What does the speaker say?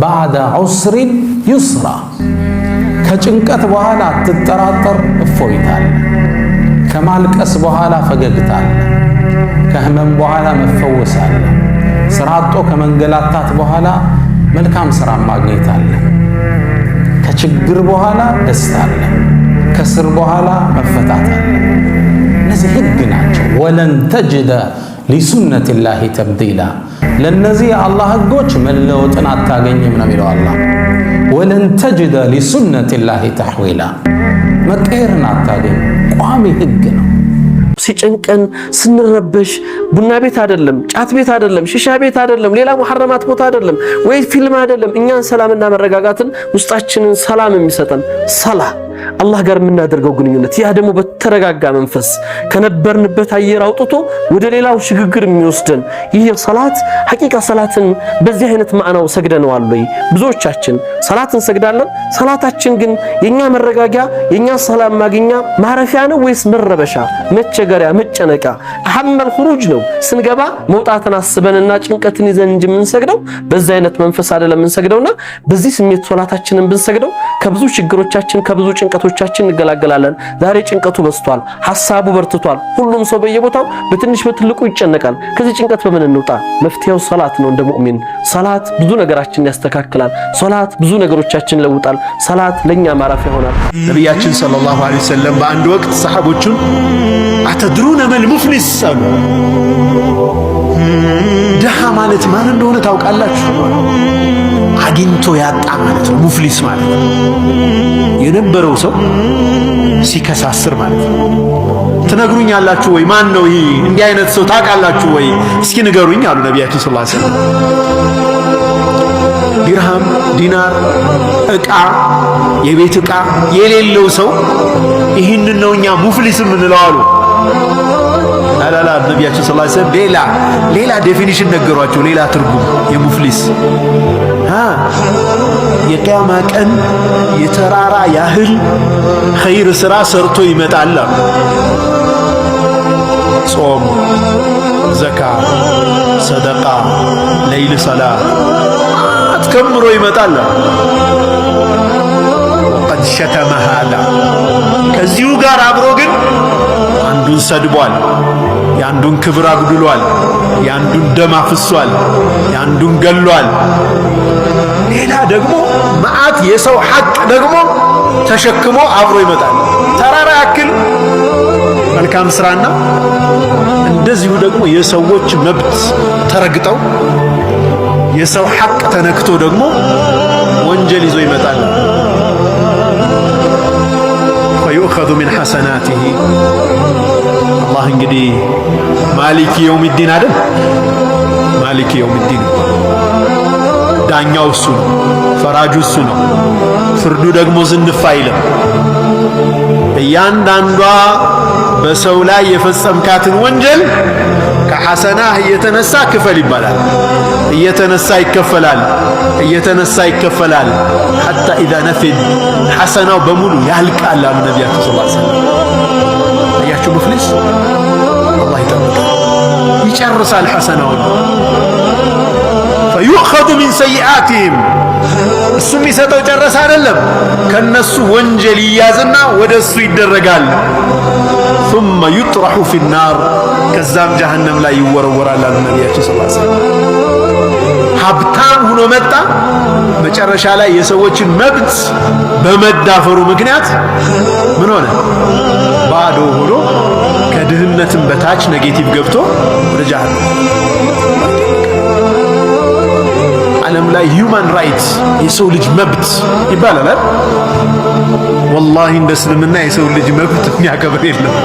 ባዕደ ዑስሪን ዩስራ፣ ከጭንቀት በኋላ አትጠራጠር እፎይታል። ከማልቀስ በኋላ ፈገግታል። ከህመም በኋላ መፈወሳል። ስራ አጦ ከመንገላታት በኋላ መልካም ስራ ማግኘት አለ። ከችግር በኋላ ደስታ አለ። ከስር በኋላ መፈታት አለ። እነዚህ ህግ ናቸው። ወለን ተጅደ ሊሱነት ላሂ ተብዲላ ለነዚህ የአላህ ህጎች መለወጥን አታገኝም ነው የሚለው አላህ። ወለን ተጅደ ሊሱነቲላሂ ተሕዊላ መቀየርን አታገኝ፣ ቋሚ ህግ ነው። ሲጨንቀን ስንረበሽ ቡና ቤት አይደለም፣ ጫት ቤት አይደለም፣ ሽሻ ቤት አይደለም፣ ሌላ መሐረማት ቦታ አይደለም፣ ወይ ፊልም አይደለም። እኛን ሰላምና መረጋጋትን ውስጣችንን ሰላም የሚሰጠን ሰላ አላህ ጋር የምናደርገው ግንኙነት ያ ደግሞ በተረጋጋ መንፈስ ከነበርንበት አየር አውጥቶ ወደ ሌላው ሽግግር የሚወስደን ይህ ሰላት ሐቂቃ ሰላትን በዚህ አይነት ማዕናው ሰግደነዋል ወይ? ብዙዎቻችን ሰላት እንሰግዳለን። ሰላታችን ግን የኛ መረጋጊያ የኛ ሰላም ማግኛ ማረፊያ ነው ወይስ መረበሻ፣ መቸገሪያ፣ መጨነቃ አሐመል ኹሩጅ ነው? ስንገባ መውጣትን አስበንና ጭንቀትን ይዘን እንጂ የምንሰግደው በዚህ አይነት መንፈስ አይደለም የምንሰግደውና በዚህ ስሜት ሶላታችንን ብንሰግደው ከብዙ ችግሮቻችን ከብዙ ጭንቀቶቻችን እንገላገላለን። ዛሬ ጭንቀቱ በስቷል ሐሳቡ በርትቷል። ሁሉም ሰው በየቦታው በትንሽ በትልቁ ይጨነቃል። ከዚህ ጭንቀት በምን እንውጣ? መፍትሄው ሰላት ነው። እንደ ሙእሚን ሰላት ብዙ ነገራችንን ያስተካክላል። ሰላት ብዙ ነገሮቻችን ይለውጣል። ሰላት ለኛ ማረፊያ ይሆናል። ነቢያችን ሰለላሁ ዐለይሂ ወሰለም በአንድ ወቅት ሰሐቦቹን አተድሩነ መል ሙፍሊስ አሉ። ድሃ ማለት ማን እንደሆነ ታውቃላችሁ? አግኝቶ ያጣ ማለት ነው። ሙፍሊስ ማለት ነው የነበረው ሰው ሲከሳስር ማለት ነው። ትነግሩኝ ወይ? ማን ነው ይሄ? እንዲህ አይነት ሰው ታውቃላችሁ ወይ? እስኪ ንገሩኝ አሉ ነቢያችን ሰለላሁ ዐለይሂ ወሰለም። ዲርሃም፣ ዲናር፣ እቃ፣ የቤት እቃ የሌለው ሰው ይህንን ነው እኛ ሙፍሊስ የምንለው አሉ። አላላ ነቢያችን ሰለላሁ ዐለይሂ ወሰለም ሌላ ሌላ ዴፊኒሽን ነገሯቸው። ሌላ ትርጉም የሙፍሊስ የቅያማ ቀን የተራራ ያህል ኸይር ስራ ሰርቶ ይመጣል። ጾም፣ ዘካ፣ ሰደቃ፣ ለይል ሰላ አትከምሮ ይመጣል። ቀድ ሸተመ ከዚሁ ጋር አብሮ ግን አንዱን ሰድቧል። የአንዱን ክብር አጉድሏል፣ የአንዱን ደም አፍሷል፣ የአንዱን ገሏል። ሌላ ደግሞ መዓት የሰው ሐቅ ደግሞ ተሸክሞ አብሮ ይመጣል። ተራራ ያክል መልካም ስራና እንደዚሁ ደግሞ የሰዎች መብት ተረግጠው የሰው ሐቅ ተነክቶ ደግሞ ወንጀል ይዞ ይመጣል። ፈዩእኸዙ ሚን ሐሰናቲሂ አላህ እንግዲህ ማሊኪ የውሚዲን አይደል? ማሊኪ የውሚዲን ዳኛው እሱ ነው፣ ፈራጁ እሱ ነው። ፍርዱ ደግሞ ዝንፍ አይልም። እያንዳንዷ በሰው ላይ የፈጸምካትን ወንጀል ከሐሰናህ የተነሳ ክፈል ይባላል። እየተነሳ ይከፈላል እየተነሳ ይከፈላል። ሐታ ኢዛ ነፊድ ሐሰናው በሙሉ ያልቃል አሉ ነቢያችን ሰለላሁ ዐለይሂ ወሰለም። እያችሁ ሙፍሊስ አላህ ይጠብቃል፣ ይጨርሳል ሐሰናውን። ፈዩእኸዙ ሚን ሰይአቲሂም እሱ የሚሰጠው ጨረሰ አይደለም፣ ከነሱ ወንጀል ይያዝና ወደ እሱ ይደረጋል። ثم يطرح في ከዛም ጀሀነም ላይ ይወረወራል አሉ ነቢያችን ሰለላሁ ዐለይሂ ወሰለም። መጨረሻ ላይ የሰዎችን መብት በመዳፈሩ ምክንያት ምን ሆነ? ባዶ ሆኖ ከድህነትም በታች ነጌቲቭ ገብቶ ወደ ጀሃነም። ዓለም ላይ ሂዩማን ራይትስ የሰው ልጅ መብት ይባላል። ወላሂ እንደ እስልምና የሰው ልጅ መብት የሚያከብር የለም።